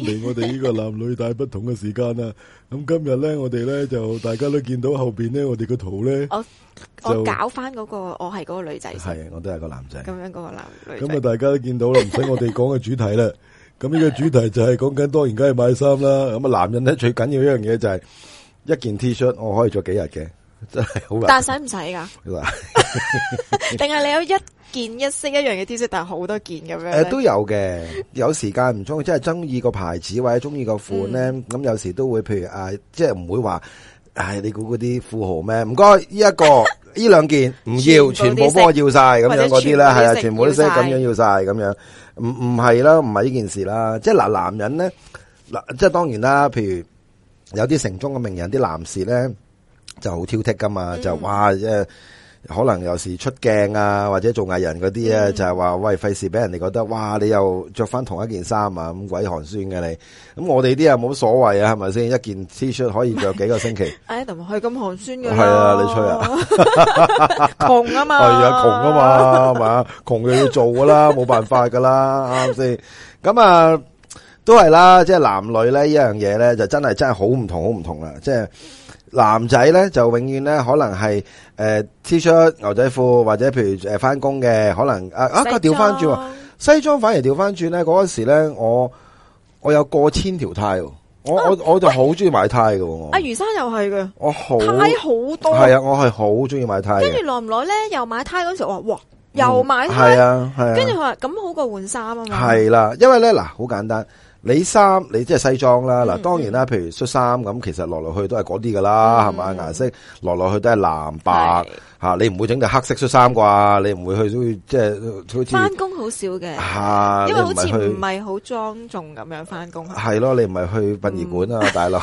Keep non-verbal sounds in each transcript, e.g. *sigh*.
嚟，我哋呢個男女大不同嘅時間啦，咁今日咧，我哋咧就大家都見到後邊咧，我哋個圖咧，我，就我搞翻嗰，那個，我係嗰個女仔，係我都係個男仔，咁樣嗰個男。咁啊，大家都見到啦，唔使我哋講嘅主題啦，咁呢個主題就係講緊當然梗係買衫啦。咁啊，男人咧最緊要一樣嘢就係、是、一件 T 恤，我可以着幾日嘅。真係好難但，但使唔使噶？定係你有一件一式一樣嘅 t 恤，但係好多件咁樣、呃、都有嘅，有時間唔中， *laughs* 即係中意個牌子或者中意個款咧。咁、嗯、有時都會，譬如啊，即係唔會話，唉、哎，你估嗰啲富豪咩？唔該，呢一個，呢兩 *laughs* 件唔要，全部幫我要晒咁樣嗰啲咧，係啊，全部都識咁樣要晒咁樣。唔唔係啦，唔係呢件事啦。即係嗱男人咧，嗱，即係當然啦。譬如有啲城中嘅名人，啲男士咧。就好挑剔噶嘛，嗯、就哇，即係可能有時出鏡啊，或者做藝人嗰啲啊，嗯、就係話喂，費事俾人哋覺得哇，你又着翻同一件衫啊，咁鬼寒酸嘅你。咁我哋啲又冇乜所謂啊，係咪先？一件 T 恤可以着幾個星期，哎，同佢咁寒酸嘅，係、哦、啊，你吹啊，窮 *laughs* *laughs* 啊嘛，係啊，窮啊嘛，係嘛，窮又要做噶啦，冇 *laughs* 辦法噶啦，啱先。咁啊，都係啦，即係男女咧，呢樣嘢咧，就真係真係好唔同，好唔同啦，即係。男仔咧就永遠咧可能係誒 T 恤牛仔褲，或者譬如誒翻工嘅，可能吃了 啊，啊返調翻轉西裝，反而調翻轉咧，嗰陣時咧我我有過千條呔，我、啊、我我就好中意買呔喎。阿余生又係嘅，我好呔好多係啊，我係好中意買呔。跟住耐唔耐咧又買呔，嗰陣時話哇又買，係啊，跟住佢話咁好過換衫啊嘛，係啦，因為咧嗱，好簡單。你衫你即係西裝啦，嗱、嗯、當然啦，譬如恤衫咁，其實來來去去都係嗰啲噶啦，係嘛？顏色來來去去都係藍白。吓，你唔會整對黑色恤衫啩？你唔會去，即係翻工好少嘅，因為好似唔係好莊重咁樣翻工。係咯，你唔係去殯儀館啊，大佬，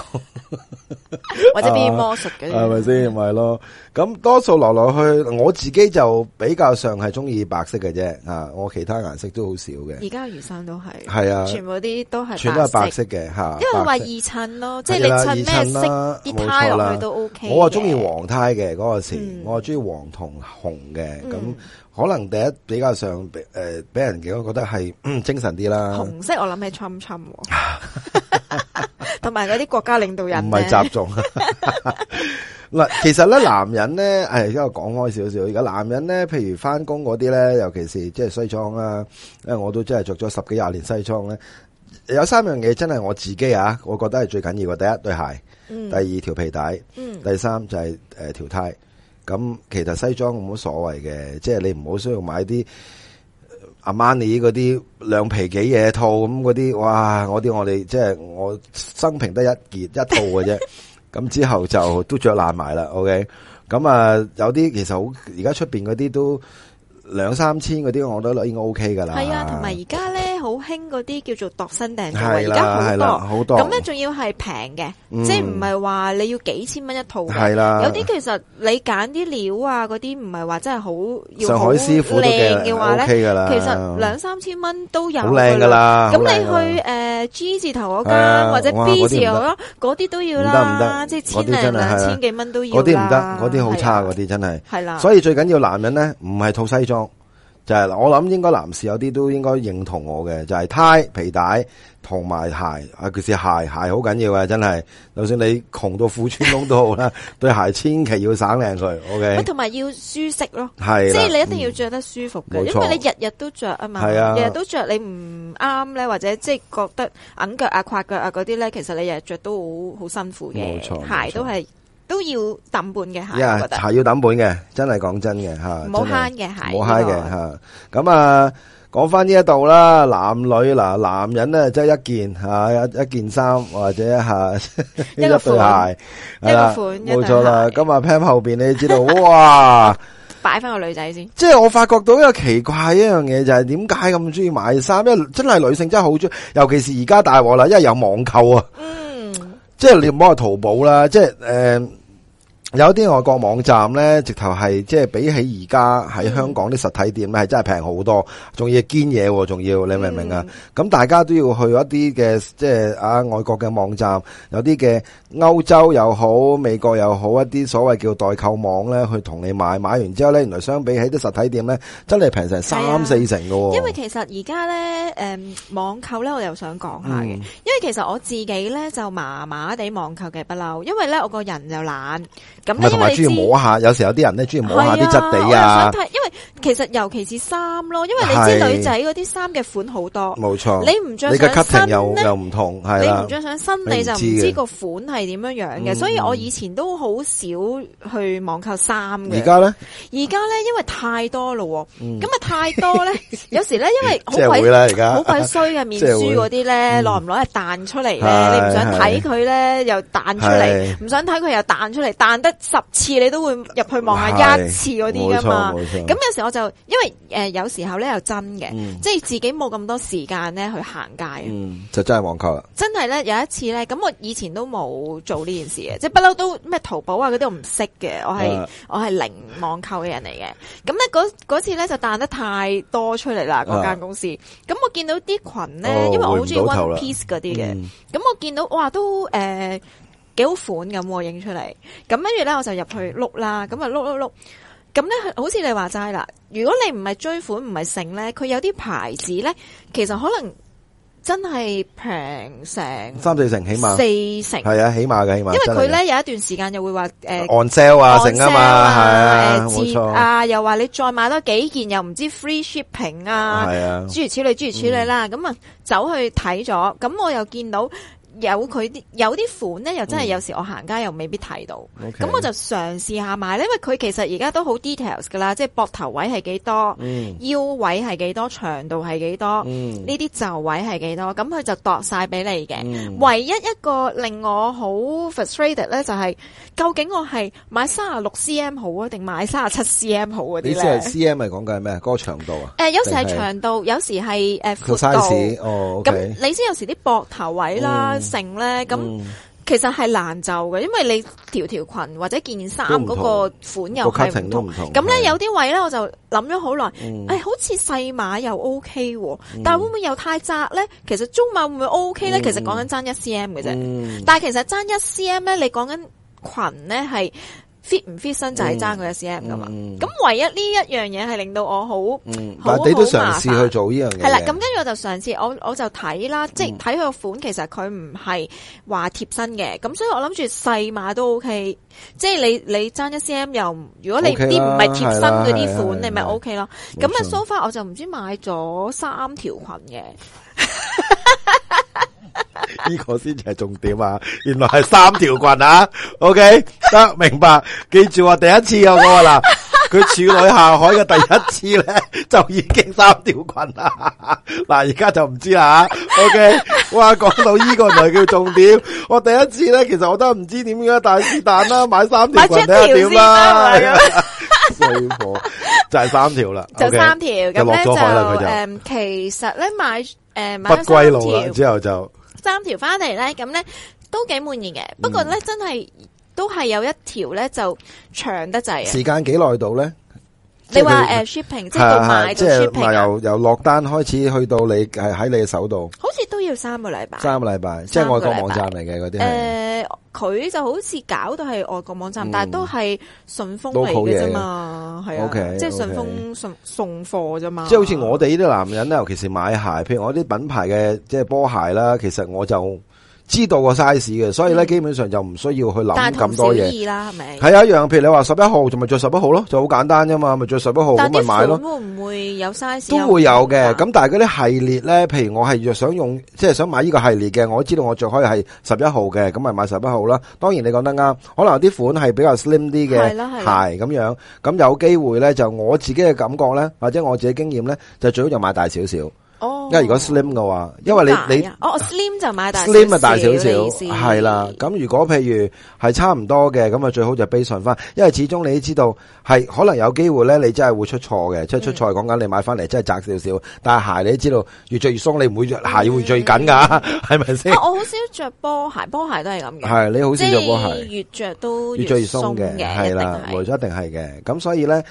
或者啲魔術嘅，係咪先？咪咯，咁多數落落去，我自己就比較上係中意白色嘅啫。我其他顏色都好少嘅。而家魚生都係係啊，全部啲都係全都係白色嘅吓，因為我話二襯咯，即係你襯咩色啲呔落去都 OK。我啊中意黃呔嘅嗰個時，我中意。黃同紅嘅咁，可能第一比較上誒，俾、呃、人幾多覺得係、嗯、精神啲啦。紅色我諗係侵侵，同埋嗰啲國家領導人唔係集中。嗱， *laughs* *laughs* 其實咧男人咧，誒，而家我講開少少，而家男人咧，譬如翻工嗰啲咧，尤其是即係西裝啦、啊，因為我都真係着咗十幾廿年西裝咧、啊，有三樣嘢真係我自己啊，我覺得係最緊要嘅，第一對鞋，嗯、第二條皮帶，嗯、第三就係誒條呔。咁其實西裝冇乜所謂嘅，即係你唔好需要買啲阿瑪尼嗰啲兩皮幾嘢套咁嗰啲，哇！嗰啲我哋即係我生平得一件一套嘅啫。咁之後就都著爛埋啦。OK，咁啊有啲其實好而家出邊嗰啲都兩三千嗰啲，我覺得應該 OK 噶啦。係啊，同埋而家咧。即係好興嗰啲叫做度身訂做，而家好多，咁咧仲要係平嘅，即係唔係話你要幾千蚊一套，係啦。有啲其實你揀啲料啊，嗰啲唔係話真係好上海師傅靚嘅話咧，其實兩三千蚊都有靚噶啦。咁你去誒 G 字頭嗰間或者 B 字頭咯，嗰啲都要啦，即係千零兩千幾蚊都要啦。嗰啲唔得，嗰啲好差，嗰啲真係係啦。所以最緊要男人咧，唔係套西裝就係、是，我諗應該男士有啲都應該認同我嘅，就係、是、呔、皮帶同埋鞋啊，尤其是鞋，鞋好緊要啊，真係。就算你窮到褲穿窿都好啦， *laughs* 對鞋千祈要省靚佢。O K。咁同埋要舒適咯，係的，即係你一定要着得舒服嘅，嗯、因為你日日都着啊嘛，日日錯都着的你唔啱咧，或者即係覺得硬腳啊、胯腳啊嗰啲咧，其實你日日着都好好辛苦嘅，錯鞋都係。都要揼本嘅鞋，係要揼本嘅，真係講真嘅吓，唔好慳嘅鞋，唔好慳嘅吓。咁啊，講翻呢一度啦，男女嗱，男人咧即係一件吓，一一件衫或者吓，呢一對鞋，一個款冇錯啦。咁啊，Pam 後邊你知道哇，擺翻個女仔先。即係我發覺到一個奇怪一樣嘢，就係點解咁中意買衫？因為真係女性真係好中意，尤其是而家大鑊啦，因為有網購啊。即係你唔好話淘寶啦，即係誒。嗯有啲外國網站呢，直頭係即係比起而家喺香港啲實體店呢係、嗯、真係平好多，仲要堅嘢、啊，仲要，嗯、你明唔明啊？咁大家都要去一啲嘅，即係啊外國嘅網站，有啲嘅歐洲又好，美國又好，一啲所謂叫代購網呢，去同你買，買完之後呢，原來相比起啲實體店呢，真係平成三的四成噶、啊。因為其實而家呢，誒、嗯、網購呢，我又想講下嘅，嗯、因為其實我自己呢，就麻麻地網購嘅不嬲，因為呢，我個人又懶。咁同埋中意摸下，有時有啲人咧，中意摸下啲質地啊。因為其實尤其是衫咯，因為你知女仔嗰啲衫嘅款好多，冇錯。你唔着你嘅 cutting 又唔同，你唔着上身你就唔知個款係點樣樣嘅，所以我以前都好少去網購衫嘅。而家咧，而家咧，因為太多喎。咁啊太多咧，有時咧，因為好鬼，好鬼衰嘅面書嗰啲咧，耐唔耐係彈出嚟咧，你唔想睇佢咧，又彈出嚟，唔想睇佢又彈出嚟，彈得～十次你都會入去望下是一次嗰啲噶嘛？咁有時我就因為誒、呃，有時候咧又真嘅，嗯、即係自己冇咁多時間咧去行街，嗯，就真係網購啦。真係咧，有一次咧，咁我以前都冇做呢件事嘅，即係、啊、不嬲都咩淘寶啊嗰啲我唔識嘅，我係、啊、我係零網購嘅人嚟嘅。咁咧嗰嗰次咧就彈得太多出嚟啦，嗰間公司。咁我見到啲裙咧，哦、因為我好中意 One Piece 嗰啲嘅，咁、嗯、我見到哇都誒。呃幾好款咁，影出嚟咁，跟住咧我就入去 look 啦，咁啊 look look look，咁咧好似你話齋啦，如果你唔係追款唔係成咧，佢有啲牌子咧，其實可能真係平成三四成起碼四成，係啊起碼嘅起碼。因為佢咧有一段時間又會話誒 on sale 啊，成啊嘛，係啊，冇錯啊，又話你再買多幾件又唔知 free shipping 啊，係啊，諸如此類諸如此類啦，咁啊走去睇咗，咁我又見到。有佢啲有啲款咧，又真係有時我行街又未必睇到。咁、嗯 okay, 我就嘗試下買，因為佢其實而家都好 details 㗎啦，即係膊頭位係幾多，嗯、腰位係幾多，長度係幾多，呢啲、嗯、就位係幾多，咁佢就度曬俾你嘅。唯一一個令我好 frustrated 咧、就係，就係究竟我係買三啊六 cm 好啊，定買三啊七 cm 好嗰啲咧？你知係 cm 係講緊咩啊？嗰、嗰個長度啊？誒、呃、有時係長度，是有時係誒寬度，咁、oh, okay. 你先有時啲膊頭位啦。嗯成咧，咁、嗯、其實係難就嘅，因為你條條裙或者件衫嗰個款又係唔同，咁咧的有啲位咧我就諗咗、嗯哎、好耐，誒好似細碼又 OK 喎、啊，嗯、但會唔會又太窄咧？其實中碼會唔會 OK 咧？嗯、其實講緊爭一 cm 嘅啫，嗯、但其實爭一 cm 咧，你講緊裙咧係。是 fit 唔 fit 身就係爭佢一 cm 噶嘛，咁、嗯、唯一呢一樣嘢係令到我好，好、嗯、嗱你都嘗試去做呢樣嘢，係啦，咁跟住我就嘗試，我我就睇啦，即係睇佢個款，其實佢唔係話貼身嘅，咁所以我諗住細碼都 ok，即係你你爭一 cm 又，如果你啲唔係貼身嗰啲款，你咪、啊啊、ok 咯，咁啊 so far 我就唔知買咗三條裙嘅。 *laughs* 呢個先至係重點啊！原來係三條裙啊，OK 得明白。記住我第一次有啊嗱，佢處女下海嘅第一次咧就已經三條裙啦。嗱、啊，而家就唔知啦 OK，哇，講到呢個咪叫重點。我第一次咧，其實我都唔知點樣，大係先啦，買三條裙睇下點啦。衰婆就係、啊 *laughs* 就係、三條啦，就三條咁佢 OK, 就落咗海啦，佢就、嗯、其實咧買誒買咗三條不歸路啦之後就。三條翻嚟咧，咁咧都幾滿意嘅。不過咧，嗯、真係都係有一條咧就長得滯。時間幾耐到咧？你話誒，shipping 即係到買個 shipping，由由落單開始去到你係喺你嘅手度，好似都要三個禮拜。三個禮拜，即係外國網站嚟嘅嗰啲。誒，佢、呃、就好似搞到係外國網站，嗯、但係都係順豐嚟嘅啫嘛，係啊，對 okay, 即係順豐送送貨啫嘛。即係 okay 好似我哋呢啲男人咧，尤其是買鞋，譬如我啲品牌嘅即係波鞋啦，其實我就。知道個 size 嘅，所以咧基本上就唔需要去諗咁多嘢。但係小二啦，係咪？係一樣，譬如你話十一號，就咪着十一號咯，就好簡單啫嘛，咪着十一號咁咪買咯。但係啲款會唔會有 size？都會有嘅。咁但係嗰啲系列咧，譬如我係若想用，即係想買呢個系列嘅，我知道我着可以係十一號嘅，咁咪買十一號啦。當然你講得啱，可能有啲款係比較 slim 啲嘅，係咁樣。咁有機會咧，就我自己嘅感覺咧，或者我自己經驗咧，就最好就買大少少。因為如果 slim 嘅話，因為你你哦 slim 就買大 slim 咪大少少，係啦。咁如果譬如係差唔多嘅，咁啊最好就背信翻，因為始終你都知道係可能有機會咧，你真係會出錯嘅，即係出錯講緊你買翻嚟，真係窄少少。但係鞋你都知道，越着越鬆，你唔會着鞋會最緊噶，係咪先？我好少着波鞋，波鞋都係咁嘅。係，你好少着波鞋，越着都越着越鬆嘅，係啦，冇錯，一定係嘅。咁所以咧。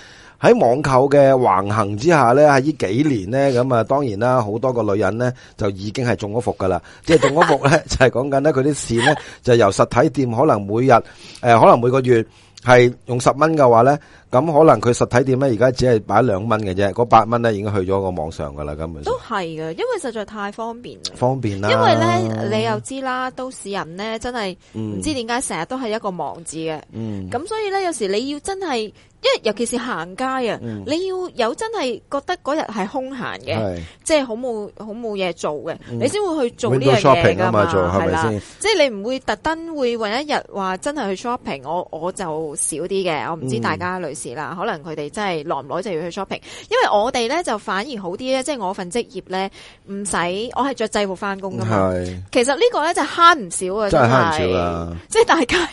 喺網購嘅橫行之下咧，喺呢幾年咧，咁啊，當然啦，好多個女人咧就已經係中咗伏噶啦，即係中咗伏咧， *laughs* 就係講緊咧佢啲錢咧就由實體店可能每日誒、呃，可能每個月係用十蚊嘅話咧，咁可能佢實體店咧而家只係擺兩蚊嘅啫，嗰八蚊咧已經去咗個網上噶啦，咁樣。都係嘅，因為實在太方便了。方便啦，因為咧你又知啦，都市人咧真係唔知點解成日都係一個忙字嘅。嗯。咁所以咧，有時你要真係。因為尤其是行街啊，你要有真係覺得嗰日係空閒嘅，即係好冇好冇嘢做嘅，你先會去做呢樣嘢噶嘛，係咪先？即係你唔會特登會揾一日話真係去 shopping，我我就少啲嘅。我唔知大家女士啦，可能佢哋真係耐唔耐就要去 shopping。因為我哋咧就反而好啲咧，即係我份職業咧唔使，我係着制服翻工噶嘛。其實呢個咧就慳唔少啊，真係慳唔少啦。即係大家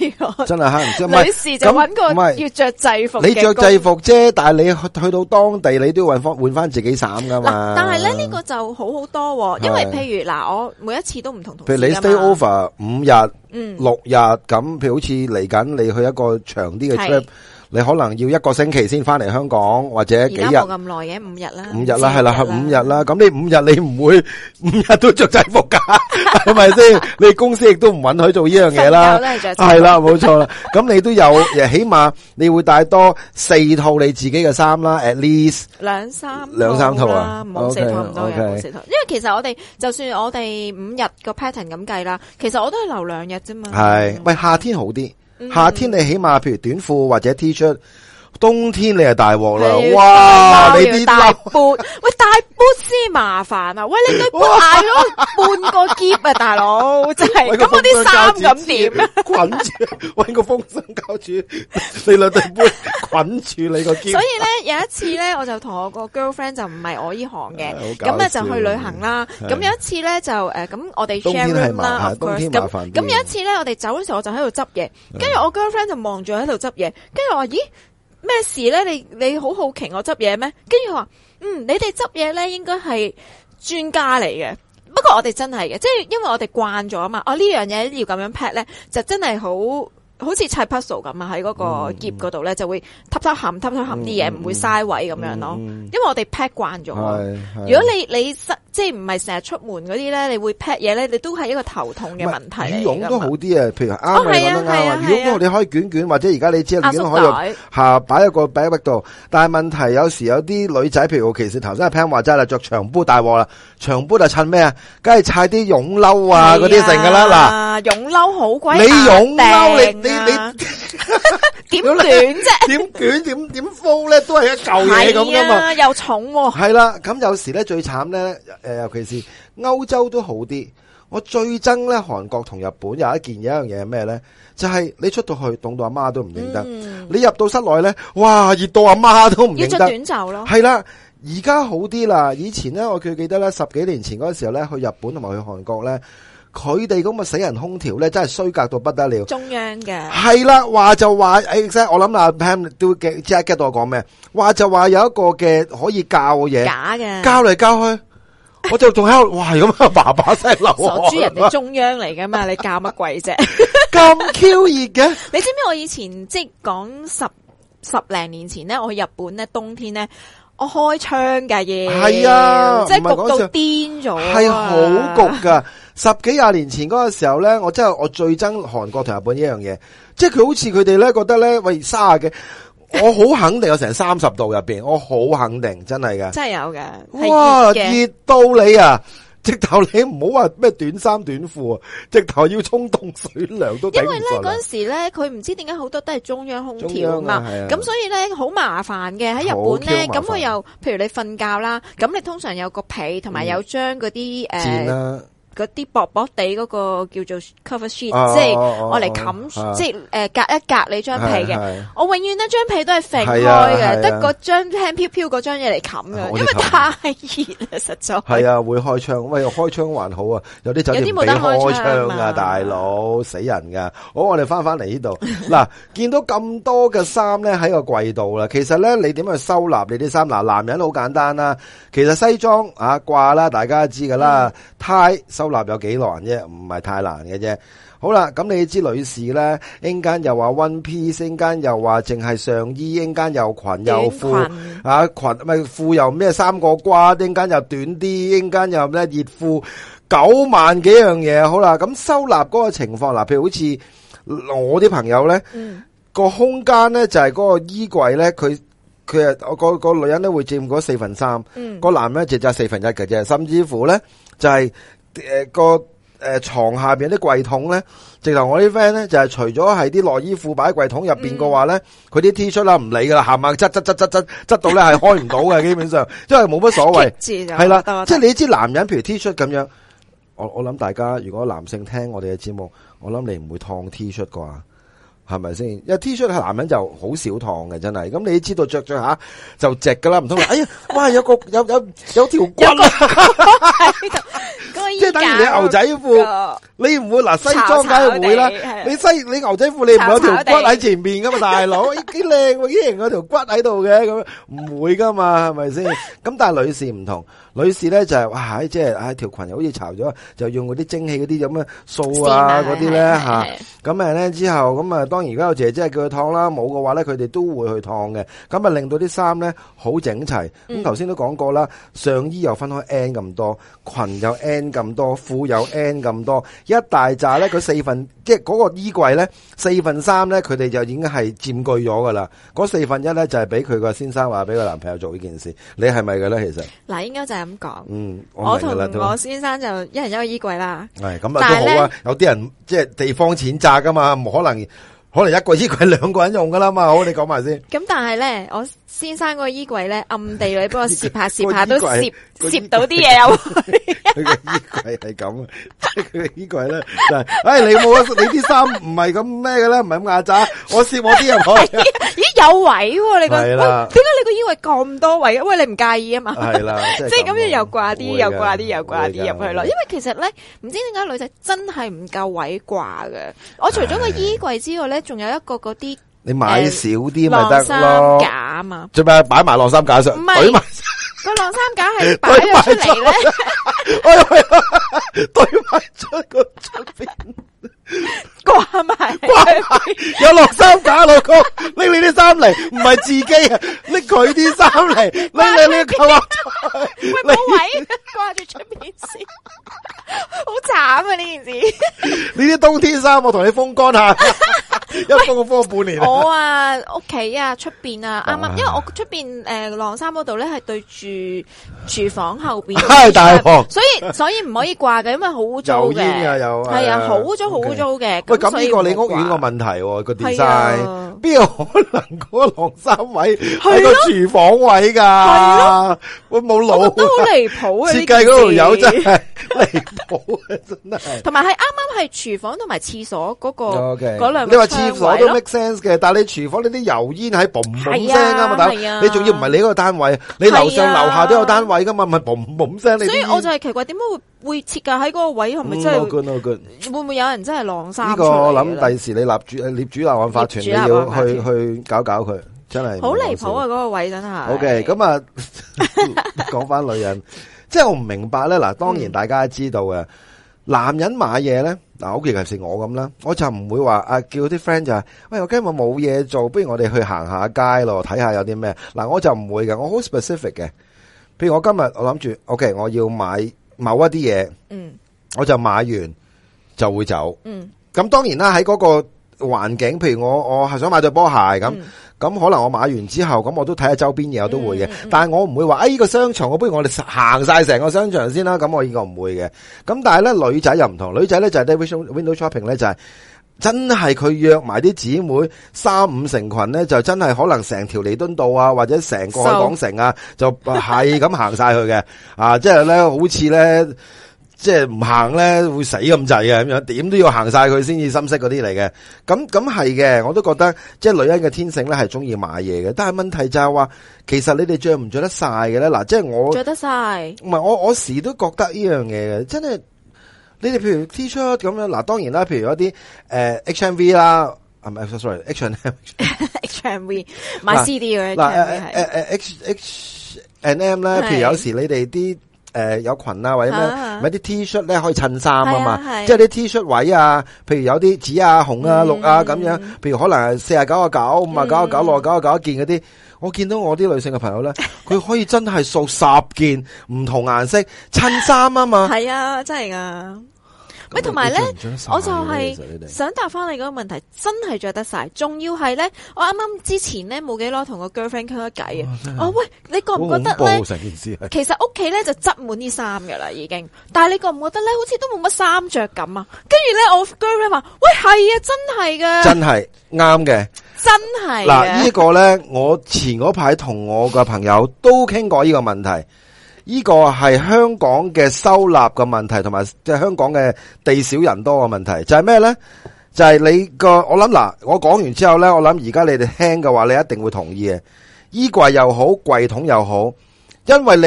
真係慳唔少，女士就揾個要着制服。着制服啫，但係你去去到當地，你都要換翻換翻自己衫噶嘛。但係咧呢個就好好多，啊，因為譬如嗱，我每一次都唔同同。譬如你 stay over 五日、六日咁，譬如好似嚟緊你去一個長啲嘅 trip。你可能要一個星期先翻嚟香港，或者幾日？而家冇咁耐嘅，五日啦。五日啦，係啦，五日啦。咁你五日你唔會五日都着制服噶，係咪先？你公司亦都唔允許做呢樣嘢啦。我都係着。係啦，冇錯啦。咁你都有，亦起碼你會帶多四套你自己嘅衫啦，At least 兩三兩三套啊，冇四套咁多嘅，冇四套。因為其實我哋就算我哋五日個 pattern 咁計啦，其實我都係留兩日啫嘛。係，喂，夏天好啲。夏天你起碼，譬如短褲或者 T 恤。冬天你係大鑊啦！哇，你啲大波喂大波先麻煩啊！喂，你對埋咯半個篋啊，大佬真係咁我啲衫噉點？捆住搵個風箱搞住！你兩對杯捆住你個篋。所以咧，有一次咧，我就同我個 girlfriend 就唔係我依行嘅，咁啊就去旅行啦。咁有一次咧就誒，咁我哋 share 啦，咁咁有一次咧，我哋走嘅時候我就喺度執嘢，跟住我 girlfriend 就望住我喺度執嘢，跟住我話咦。咩事咧？你你好好奇我執嘢咩？跟住我話：「話，嗯，你哋執嘢咧，應該係專家嚟嘅。不過我哋真係嘅，即係因為我哋慣咗啊嘛。哦，呢樣嘢要咁樣劈呢，咧，就真係好。好似砌 puzzle 咁啊，喺嗰個喼嗰度咧，就會揼揼冚揼揼冚啲嘢，唔會嘥位咁樣咯。因為我哋 pack 慣咗。如果你你即係唔係成日出門嗰啲咧，你會 pack 嘢咧，你都係一個頭痛嘅問題。羽絨都好啲啊，譬如啱你覺得啊。羽絨你可以捲卷，或者而家你知啦，已經可以下擺一個喺度。但係問題有時有啲女仔，譬如尤其是頭先阿 Pan 話齋啦，着長波大鑊啦，長波就襯咩啊？梗係砌啲羽絨褸啊，嗰啲剩噶啦嗱。絨褸好鬼你定啊！點捲啫？點捲點點 fold 咧，都係一嚿嘢咁噶嘛，又重、啊。係啦、啊，咁有時咧最慘咧，誒，尤其是歐洲都好啲。我最憎咧，韓國同日本有一件有一樣嘢係咩咧？就係、是、你出到去凍到阿媽都唔認得，嗯、你入到室內咧，哇！熱到阿媽都唔認得。要着短袖咯。係啦、啊，而家好啲啦。以前咧，我記記得咧，十幾年前嗰個時候咧，去日本同埋去韓國咧。佢哋咁嘅死人空調咧，真係衰格到不得了。中央嘅係啦，話就話誒，我諗啊 Pam 都即係 get 到我講咩？話就話有一個嘅可以教嘢假嘅教嚟教去，我就仲喺度哇咁啊，爸爸聲流傻豬人哋中央嚟噶嘛， *laughs* 你教乜鬼啫？咁 Q 熱嘅，你知唔知我以前即係講十十零年前咧，我去日本咧，冬天咧，我開窗嘅嘢係啊，即係焗到癲咗，係好焗噶。十幾廿年前嗰個時候咧，我真係我最憎韓國同日本呢樣嘢，即係佢好似佢哋咧覺得咧，喂，卅幾，我好肯定有成 *laughs* 三十度入邊，我好肯定，真係噶，真係有嘅，熱的哇，熱到你啊！直頭你唔好話咩短衫短褲，直頭要沖凍水涼都不，因為咧嗰陣時咧，佢唔知點解好多都係中央空調啊嘛，咁所以咧好麻煩嘅喺日本咧，咁我又，譬如你瞓覺啦，咁你通常有個被同埋有張嗰啲誒。嗯呃嗰啲薄薄地嗰個叫做 cover sheet，即係我嚟冚，即係誒隔一隔你張被嘅。我永遠一張被都係肥開嘅，得嗰張輕飄飄嗰張嘢嚟冚嘅，因為太熱啦，實在。係啊，會開窗咁啊，開窗還好啊，有啲酒店冇得開窗啊，大佬死人㗎。好，我哋翻返嚟呢度。嗱，見到咁多嘅衫咧喺個櫃度啦，其實咧你點去收納你啲衫？嗱，男人好簡單啦，其實西裝啊掛啦，大家都知㗎啦，太。收納有幾難啫，唔係太難嘅啫。好啦，咁你知女士咧，陣間又話 one piece，陣間又話淨係上衣，陣間又裙又褲裙，啊裙咪褲又咩三個骨，陣間又短啲，陣間又咩熱褲，九萬幾樣嘢。好啦，咁收納嗰個情況，嗱，譬如好似我啲朋友咧，嗯、個空間咧就係、是、嗰個衣櫃咧，佢佢啊，那個那個女人咧會佔嗰四分三，嗯、個男人呢就就是、四分一嘅啫，甚至乎咧就係、是。誒，個誒床下邊啲櫃桶咧，直頭我啲 friend 咧就係除咗係啲內衣褲擺喺櫃桶入邊嘅話咧，佢啲 T 恤啦唔理噶啦，行埋執執執執執執到咧係開唔到嘅，基本上，因為冇乜所謂，係啦，即係你知男人譬如 T 恤咁樣，我我諗大家如果男性聽我哋嘅節目，我諗你唔會燙 T 恤啩。係咪先？又 T 恤，男人就好少燙嘅，真係。咁你知道着着下就直噶啦，唔通？哎呀，哇！有個有有有條骨啊！ *laughs* 於即係等於你牛仔褲，你唔會嗱西裝梗係會啦。你西你牛仔褲，你唔係有條骨喺前面噶嘛？大佬幾靚喎，依然、啊、有條骨喺度嘅咁，唔會噶嘛？係咪先？咁但係女士唔同。女士咧就係、是、哇，即係唉條裙又好似巢咗，就用嗰啲蒸汽嗰啲咁樣掃啊嗰啲咧吓，咁啊咧之後咁啊當然而家有姐姐係叫佢燙啦，冇嘅話咧佢哋都會去燙嘅，咁啊令到啲衫咧好整齊。咁頭先都講過啦，上衣又分開 N 咁多，裙又 N 咁多，褲有 N 咁多，一大紮咧佢四份， *laughs* 即係嗰個衣櫃咧四分三咧，佢哋就已經係佔據咗噶啦。嗰四份一咧就係俾佢個先生話俾個男朋友做呢件事，你係咪噶咧？其實嗱，應該就是咁講，嗯，我同我先生就一人一個衣櫃啦。係咁啊，好啊！有啲人即係地方淺窄噶嘛，冇可能，可能一個衣櫃兩個人用噶啦嘛。好，你講埋先。咁但係咧，我先生個衣櫃咧暗地裏，幫我攝下，攝下都攝攝到啲嘢有去。佢個衣櫃係咁啊，即係佢個衣櫃咧就係，哎，你冇你啲衫唔係咁咩嘅啦，唔係咁壓榨。我攝我啲入去。有位喎、啊，你個點解你個衣櫃咁多位、啊？喂，你唔介意啊嘛，即係咁樣又掛啲，的又掛啲，的又掛啲入的去咯。因為其實咧，唔知點解女仔真係唔夠位掛嘅。唉我除咗個衣櫃之外咧，仲有一個嗰啲，你買少啲，咪得晾衫架嘛，擺埋晾衫架上，唔係是。個晾衫架係擺咗出嚟咧，對埋出個出邊掛埋掛埋，哎、有晾衫架，老公拎 *laughs* 你啲衫嚟，唔係自己啊，拎佢啲衫嚟，拎你你個購喂，冇位掛住出邊先，好慘啊呢件事，呢啲冬天衫我同你風乾下。 *laughs* 因為幫我幫半年，我啊屋企啊出邊啊，啱啱，啊，因為我出邊誒，浪山晾衫嗰度咧係對住廚房後邊，係大房，所以所以唔可以掛嘅，因為好污糟嘅，又煙又係啊，好污糟好污糟嘅。喂，咁呢所個你屋苑個問題個電箱。邊有可能嗰個晾衫位喺個廚房位噶？係啊，會會我冇腦，都好離譜啊！設計嗰條友真係離譜啊， *laughs* 真係。同埋係啱啱係廚房同埋廁所嗰、嗰個兩，okay, 個你話廁所都 make sense 嘅，但係你廚房你啲油煙喺嘣嘣聲噶嘛，豆呀你仲要唔係你嗰個單位，你樓上樓下都有單位噶嘛，咪嘣嘣聲你。所以我就係奇怪，點解會？會設架喺嗰個位，係咪真係？會唔會，會、no no、會，會有人真係晾晒？呢個我諗第時你立主啊，業主立案法庭你要去、啊、去搞搞佢，真係好離譜啊！嗰、那個位真下 O K，咁啊，講翻 Okay, *laughs* 嗯、女人，即係我唔明白咧。嗱，當然大家知道嘅，嗯、男人買嘢咧，嗱、啊，其似似我咁啦，我就唔會話啊，叫啲 friend 就係，喂，我今日冇嘢做，不如我哋去行下街咯，睇下有啲咩。嗱、啊，我就唔會嘅，我好 specific 嘅。譬如我今日我諗住，O K，我要買。某一啲嘢，嗯、我就買完就會走。咁、嗯、當然啦，喺嗰個環境，譬如我我係想買對波鞋咁，咁、嗯、可能我買完之後，咁我都睇下周邊嘢，我都會嘅。嗯嗯、但係我唔會話，哎，呢個商場，我不如我哋行晒成個商場先啦。咁我應該呢個唔會嘅。咁但係咧，女仔又唔同，女仔咧就係咧，window shopping 咧就係、是。真係佢約埋啲姊妹三五成群咧，就真係可能成條彌敦道啊，或者成個海港城啊，So. *laughs* 就係咁行晒去嘅。 *laughs* 啊，即係咧，好似咧，即係唔行咧會死咁滯嘅咁樣，點都要行晒佢先至心色心息嗰啲嚟嘅。咁咁係嘅，我都覺得即係女人嘅天性咧係中意買嘢嘅。但係問題就係、是、話，其實你哋着唔着得晒嘅咧？嗱，即係我着得晒。唔係，我我時都覺得呢樣嘢嘅，真係。你哋譬如 T 恤咁樣，嗱，當然啦，譬如一啲誒、呃、H M V 啦，唔係，sorry，H M sorry, H M *laughs* H V 買、呃、CD 咁樣，嗱、呃呃、H H and M 咧，是 譬如有時你哋啲誒有裙啊，或者咩買啲 T 恤咧，可以襯衫啊嘛，即係啲 T 恤位啊，譬如有啲紫啊、紅啊、綠啊咁、嗯、樣，譬如可能四啊九啊九、五啊九啊九、六啊九啊九一件嗰啲。我見到我啲女性嘅朋友咧，佢 *laughs* 可以真係數十件唔同顏色襯衫啊嘛，係啊，真係噶、啊。喂，同埋咧，且穿穿我就係、是、們想答翻你嗰個問題，真係着得晒，仲要係咧，我啱啱之前咧冇幾耐同個 girlfriend 傾咗偈。啊。哦，哦，喂，你覺唔覺得成件事，其實屋企咧就執滿啲衫噶啦，已經。但係你覺唔覺得咧，好似都冇乜衫着咁啊？跟住咧，我 girlfriend 話：喂，係啊，真係嘅、啊，真係啱嘅。真係嗱，呢個呢，我前嗰排同我嘅朋友都傾過呢個問題。呢個係香港嘅收納嘅問題，同埋即係香港嘅地少人多嘅問題。就係咩呢？就係你個我諗嗱，我講完之後呢，我諗而家你哋聽嘅話，你一定會同意嘅。衣櫃又好，櫃桶又好，因為你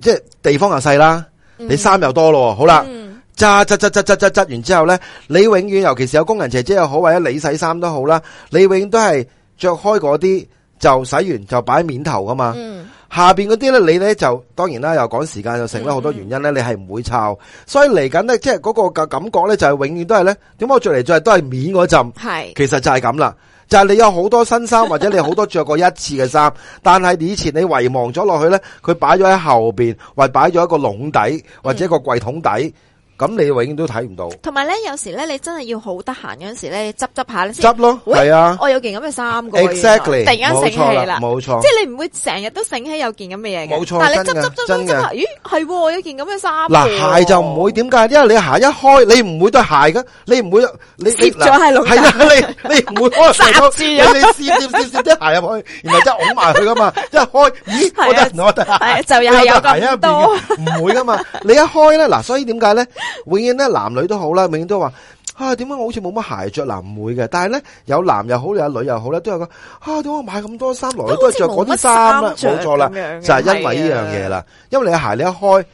即係地方又細啦，你衫又多咯，嗯、好啦。嗯扎扎扎扎扎扎完之後呢，你永遠尤其是有工人姐姐又好，或者你洗衫都好啦，你永遠都係着開嗰啲就洗完就擺面頭噶嘛。嗯、下邊嗰啲呢，你呢就當然啦，又趕時間又剩啦，好多原因呢，嗯嗯你係唔會抄。所以嚟緊呢，即係嗰個嘅感覺呢，就係永遠都係呢。點解我着嚟着去都係面嗰浸？係，其實就係咁啦，就係、是、你有好多新衫或者你好多着過一次嘅衫， *laughs* 但係以前你遺忘咗落去呢，佢擺咗喺後邊，或擺咗一個籠底或者一個櫃桶底。嗯咁你永遠都睇唔到。同埋咧，有時咧，你真係要好得閒嗰陣時咧，執執下咧。執咯，係啊。我有件咁嘅衫嘅，Exactly。突然間醒起啦，冇錯。即係你唔會成日都醒起有件咁嘅嘢嘅。冇錯。但係你執執執執執，咦，係有件咁嘅衫。嗱，鞋就唔會點解，因為你鞋一開，你唔會對鞋噶，你唔會，你你。脱咗鞋咯。係啊，你你唔會，我試咗，你你塞塞塞塞啲鞋入去，然後即係㧬埋去噶嘛，一開，咦，我得我得鞋。就又係有咁多，唔會噶嘛。你一開咧，嗱，所以點解咧？永遠咧，男女都好啦，永遠都話啊，點解我好似冇乜鞋着，男唔會嘅？但係咧，有男又好，有女又好呢，都有個啊，點解我買咁多衫來都係着嗰啲衫啦。冇錯啦，就係因為呢樣嘢啦，因為你嘅鞋你一開。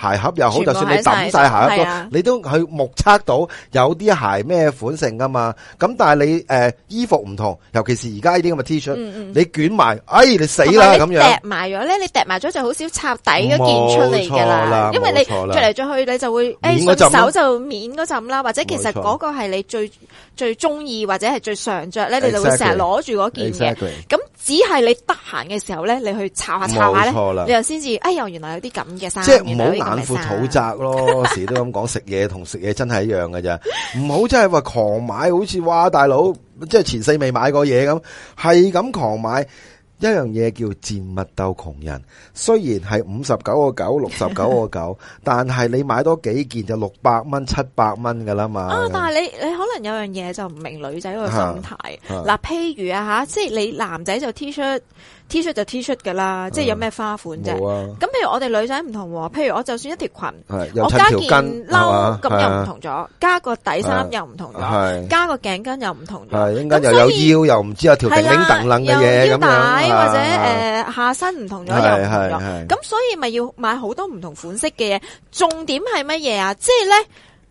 鞋盒又好，就算你抌曬鞋盒，你都去目測到有啲鞋咩款性㗎嘛？咁但係你誒衣服唔同，尤其是而家呢啲咁嘅 T 恤，你捲埋，哎你死啦咁樣。同埋你揼埋咗咧，你揼埋咗就好少插底嗰件出嚟㗎啦。冇錯啦，冇錯啦。因為你著嚟著去，你就會誒順手就面嗰浸啦，或者其實嗰個係你最最中意或者係最常著咧，你就會成日攞住嗰件嘅。冇錯啦。咁只係你得閒嘅時候咧，你去查下查下咧，你又先至哎呀原來有啲咁嘅衫。即係冇。眼闊肚窄咯， *laughs* 時都咁講食嘢同食嘢真係一樣嘅咋唔好真係話狂買，好似哇大佬，即係前世未買過嘢咁，係咁狂買一樣嘢叫賤物鬥窮人。雖然係五十九個九、六十九個九，但係你買多幾件就六百蚊、七百蚊噶啦嘛。啊、哦！但係你你可能有樣嘢就唔明女仔個心態。嗱、呃，譬如啊吓，即係你男仔就 T 恤。T 恤就 T 恤噶啦，即係有咩花款啫。咁譬如我哋女仔唔同，譬如我就算一條裙，我加件褸，咁又唔同咗，加個底衫又唔同咗，加個頸巾又唔同咗。咁又有腰，又唔知有條頸頂愣愣嘅嘢咁樣，有腰帶或者誒，下身唔同咗又唔同咗。咁所以咪要買好多唔同款式嘅嘢。重點係乜嘢啊？即係咧。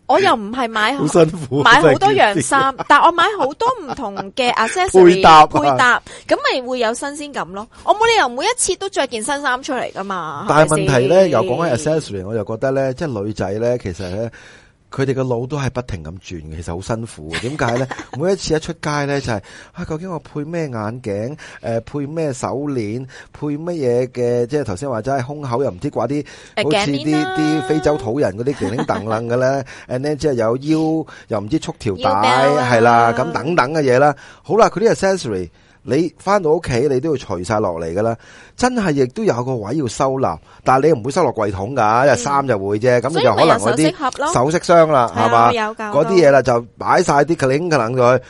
我又唔係買好，好辛苦，買好多樣衫，但係我買好多唔同嘅 accessory，搭， *laughs* 配搭，咁咪會有新鮮感咯。 *laughs* 我冇理由每一次都着件新衫出嚟噶嘛。但係問題咧，又講開 accessory，我又覺得咧，即係女仔咧，其實咧。.佢哋嘅腦都係不停咁轉，其實好辛苦。點解咧？每一次一出街咧、就是，就係 *laughs* 啊，究竟我配咩眼鏡？誒、呃，配咩手鏈？配乜嘢嘅？即係頭先話齋，胸口又唔知掛啲，好似啲啲非洲土人嗰啲叮叮等楞嘅咧。誒， *laughs* 咧即係有腰，又唔知束條帶，係 *laughs* 啦，咁等等嘅嘢啦。好啦，佢啲 accessory。你翻到屋企，你都要除晒落嚟噶啦，真係亦都有個位要收納，但係你唔會收落櫃桶噶，嗯、因為衫就會啫，咁就可能嗰啲首飾箱啦，係嘛有，嗰啲嘢啦就擺晒啲 c l 佢。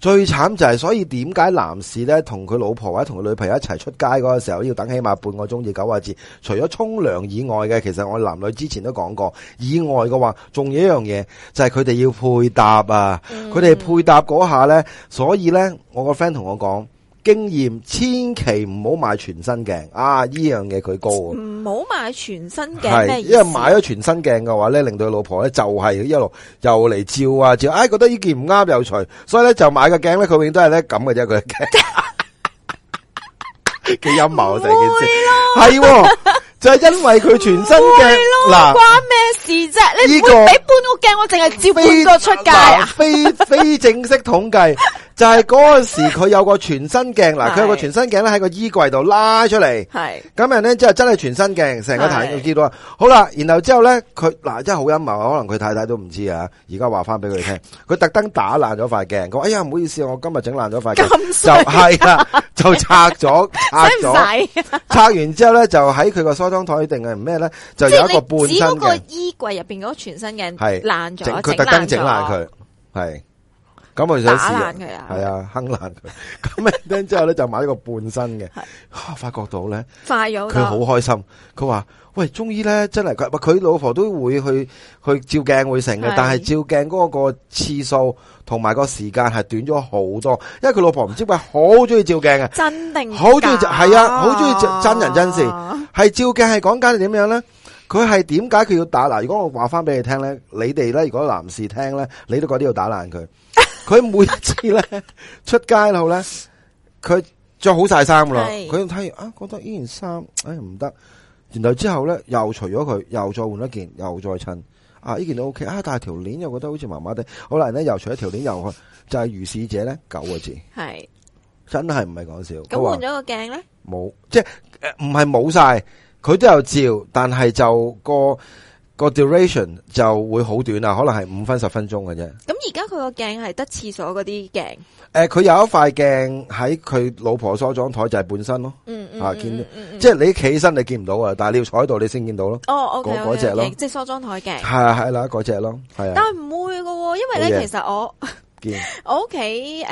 最慘就係、是，所以點解男士咧同佢老婆或者同佢女朋友一齊出街嗰個時候要等起碼半個鐘至九個字，除咗沖涼以外嘅，其實我男女之前都講過以外嘅話，仲有一樣嘢就係佢哋要配搭啊，佢哋、嗯、配搭嗰下咧，所以咧我個 friend 同我講。經驗千祈唔好買全身鏡啊！依樣嘢佢高，唔好買全身鏡。因為買咗全身鏡嘅話咧，令到佢老婆咧就係一路又嚟照啊照，唉、啊，覺得呢件唔啱又除，所以咧就買個鏡咧，佢永遠都係咧咁嘅啫，佢嘅。幾陰謀啊！第一件事係喎，就係因為佢全身鏡嗱，關咩事啫？呢個俾半個鏡，這個、我淨係照半個出街啊！非非正式統計。 *laughs* 就係嗰陣時佢有個全身鏡，嗱佢 *laughs* 有個全身鏡咧喺個衣櫃度拉出嚟，係咁樣咧，之後真係全身鏡成個體都知道了， *laughs* 好啦，然後之後咧佢嗱真係好陰謀，可能佢太太都唔知啊，而家話翻俾佢聽，佢特登打爛咗塊鏡，佢哎呀唔好意思，我今日整爛咗塊鏡，啊、就係啦、啊，就拆咗拆咗， *laughs* 啊、拆完之後咧就喺佢個梳妝台定係咩咧，就有一個半身鏡。即係你只不過衣櫃入邊嗰個全身鏡係整爛咗。佢特登整爛佢係。咁啊想試，係啊，坑爛佢。咁樣 *laughs* 之後咧就買一個半身嘅，哈 *laughs* 的，發覺到咧，佢好開心。佢話：喂，中醫咧真係佢，佢老婆都會去去照鏡會成嘅，的但係照鏡嗰個次數同埋個時間係短咗好多。因為佢老婆唔知話好中意照鏡嘅，真定好中意就係啊，好中意真人真事。係照鏡係講緊係點樣咧？佢係點解佢要打嗱？如果我話翻俾你聽咧，你哋咧如果男士聽咧，你都覺得要打爛佢。佢 *laughs* 每一次咧出街後咧，佢着好晒衫噶啦，佢要睇完啊，覺得呢件衫，哎唔得，然後之後咧又除咗佢，又再換一件，又再襯啊，呢件都 OK 啊，但係條鏈又覺得好似麻麻地，好啦，呢又除咗條鏈又去， *laughs* 就係如是者咧，九個字，係是真係唔係講笑。咁換咗個鏡咧，冇即係誒，唔係冇晒，佢都有照，但係就個。個 duration 就會好短喇，可能係五分十分鐘嘅啫。咁而家佢個鏡係得廁所嗰啲鏡。誒、呃，佢有一塊鏡喺佢老婆梳妝台就係本身咯。嗯嗯，嗯啊見，嗯嗯嗯、即係你企起身你見唔到啊，但係你要坐喺度你先見到咯。哦，嗰嗰隻咯，即係梳妝台鏡。係係啦，嗰隻咯，係啊。啊那個、啊但係唔會喎，因為咧其實我。 *laughs* 我屋企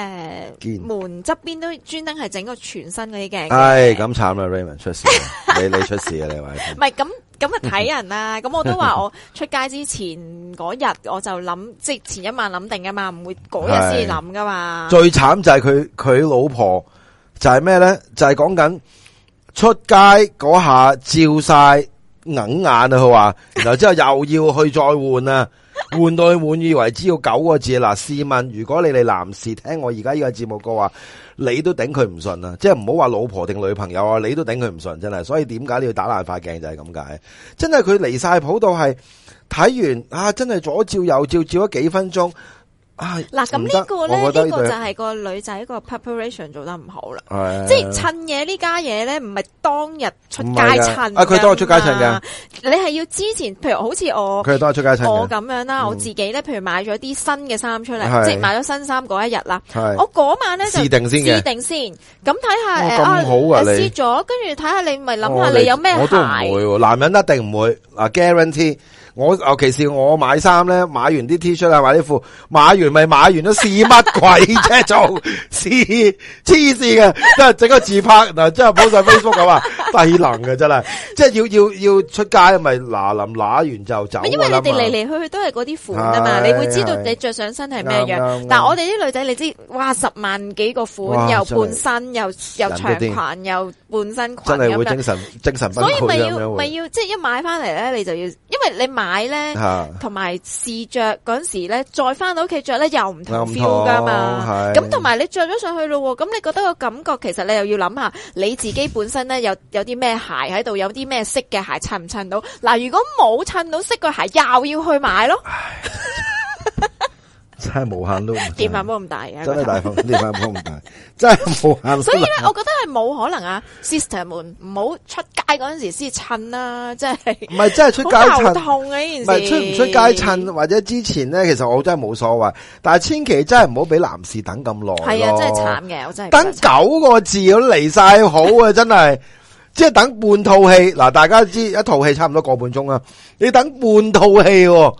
誒門側邊都專登係整個全身嗰啲鏡，係咁慘啊 Raymond 出事， *laughs* 你你出事啊你咪，唔係咁咁啊睇人啦，咁 *laughs* 我都話我出街之前嗰日我就諗，即係前一晚諗定噶嘛，唔會嗰日先諗噶嘛。最慘就係佢佢老婆就係咩咧？就係講緊出街嗰下照晒眼眼啊！佢話，然後之後又要去再換啊。 *laughs* 換到你滿意為止，要九個字。嗱，試問，如果你哋男士聽我而家呢個節目嘅話，你都頂佢唔順啊！即係唔好話老婆定女朋友啊，你都頂佢唔順，真係。所以點解你要打爛塊鏡就係咁解？真係佢離晒譜到係睇完啊！真係左照右，右照，照咗幾分鐘。係嗱，咁呢個咧，呢個就係個女仔個 preparation 做得唔好啦。係，即係趁嘢，呢家嘢咧，唔係當日出街襯。啊，佢當日出街襯噶。你係要之前，譬如好似我，佢當日出街襯。我咁樣啦，我自己咧，譬如買咗啲新嘅衫出嚟，即係買咗新衫嗰一日啦。係，我嗰晚咧就試定先嘅。試定先，咁睇下。咁好噶你。試咗，跟住睇下你咪諗下你有咩鞋。我都唔會，男人一定唔會。嗱，guarantee 我尤其是我買衫咧，買完啲 T 恤啊，買啲褲，買完咪買完都試乜鬼啫、啊，做試黐線嘅，即係、啊、整個自拍嗱，即係 post 喺 Facebook 咁啊，低能嘅、啊、真係，即係要要要出街咪嗱林拿完就走，因為你哋嚟嚟去去都係嗰啲款啊嘛，是是是你會知道你着上身係咩樣。對對對但係我哋啲女仔，你知哇，十萬幾個款，哇又半身來又又長裙又。半身裙咁樣，樣所以咪要咪要，即係一買翻嚟咧，你就要，因為你買咧，同埋、啊、試著嗰陣時咧，再翻到屋企著咧又唔同 feel 噶嘛。咁同埋你著咗上去咯，咁你覺得個感覺，其實你又要諗下你自己本身咧有有啲咩鞋喺度，有啲咩色嘅鞋襯唔襯到？嗱，如果冇襯到色嘅鞋，又要去買咯。唉 *laughs* 真係無限都，電話冇咁大啊！真係大方，大風 *laughs* 電話冇咁大，真係無限。所以咧，我覺得係冇可能啊，Sister 們唔好出街嗰陣時先襯啦，啊，真係。唔係真係出街襯，痛啊！呢件事。唔出唔出街襯，或者之前咧，其實我真係冇所謂。但係千祈真係唔好俾男士等咁耐。係啊，真係慘嘅，我真係。等九個字都嚟曬好啊！真係， *laughs* 即係等半套戲嗱，大家知一套戲差唔多個半鐘啊，你等半套戲，啊。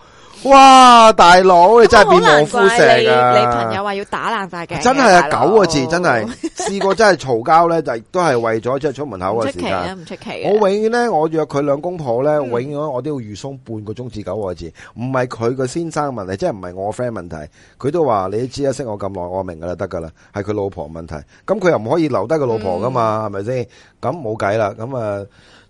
哇，大佬你真係變無夫射噶你朋友話要打爛晒嘅，真係啊，九個字真係，試 *laughs* 過真係嘈交咧，就都係為咗即係出門口嘅時間。出奇唔出奇。我永遠咧，我約佢兩公婆咧，永遠我都要預鬆半個鐘至九個字。唔係佢個先生問題，即係唔係我 friend 問題，佢都話你都知啦，識我咁耐，我明噶啦，得噶啦，係佢老婆問題。咁佢又唔可以留低個老婆噶嘛，係咪先？咁冇計啦，咁啊。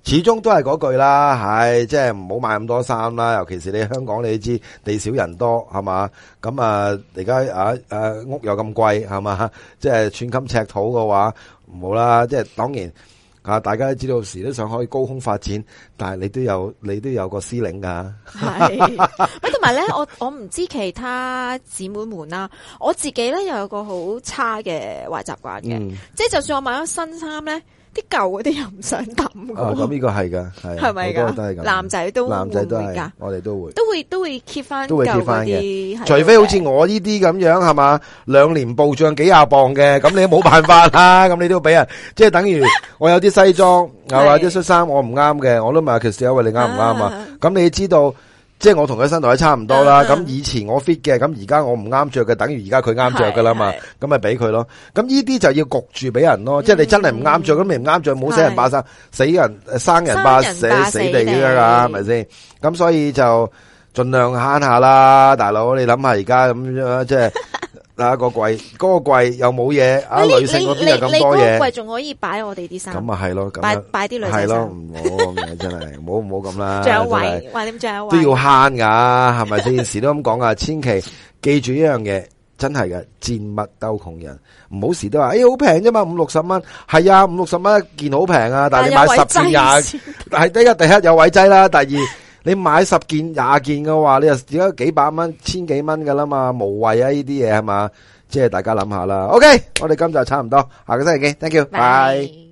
始終都係嗰句啦，係即係唔好買咁多衫啦，尤其是你香港你知地少人多，係嘛？咁啊，而家啊誒屋又咁貴，係嘛？即係寸金尺土嘅話，唔好啦。即係當然啊，大家都知道時都想可以高空發展。係你都有你都有個司令噶、啊，係咪同埋咧？我我唔知其他姊妹們啦、啊。我自己咧又有個好差嘅壞習慣嘅，嗯、即係就算我買咗新衫咧，啲舊嗰啲又唔想抌、啊哦。咁呢個係噶，係咪噶？都係男仔都男仔都係噶，我哋都會都會都會 keep 翻，都會 keep 翻嘅。的除非好似我呢啲咁樣係嘛，兩年暴漲幾廿磅嘅，咁你都冇辦法啦。咁 *laughs* 你都俾人即係等於我有啲西裝係嘛，啲恤衫我唔啱嘅，我都其實因為你啱唔啱啊？咁你知道，即係我同佢身材都差唔多啦。咁、啊、以前我 fit 嘅，咁而家我唔啱着嘅，等於而家佢啱着噶啦嘛。咁咪俾佢咯。咁呢啲就要焗住俾人咯。嗯、即係你真係唔啱着，咁你唔啱着，冇死人霸生，是 死人生人霸死死地噶啦，係咪先？咁所以就盡量慳下啦，大佬。你諗下而家咁樣，即係。 *laughs* 嗱，一個櫃，嗰個櫃又冇嘢，阿女性嗰邊有咁多嘢，個櫃仲可以擺我哋啲衫。咁啊係咯，擺擺啲女衫。係咯，真係，唔好唔好咁啦。仲有位，話點仲有位？都要慳噶，係咪？成件事都咁講噶，千祈記住一樣嘢，真係嘅，賤物鬥窮人，唔好時都話，哎，好平啫嘛，五六十蚊，係啊，五六十蚊一件好平啊，但係你買十件廿，係第一，第一有位滯啦，第二。你買十件廿件嘅話，你就點解幾百蚊，千幾蚊㗎啦嘛？無謂啊！呢啲嘢係嘛？即係大家諗下啦。OK，我哋今集差唔多，下個星期見。Thank you，拜。Bye.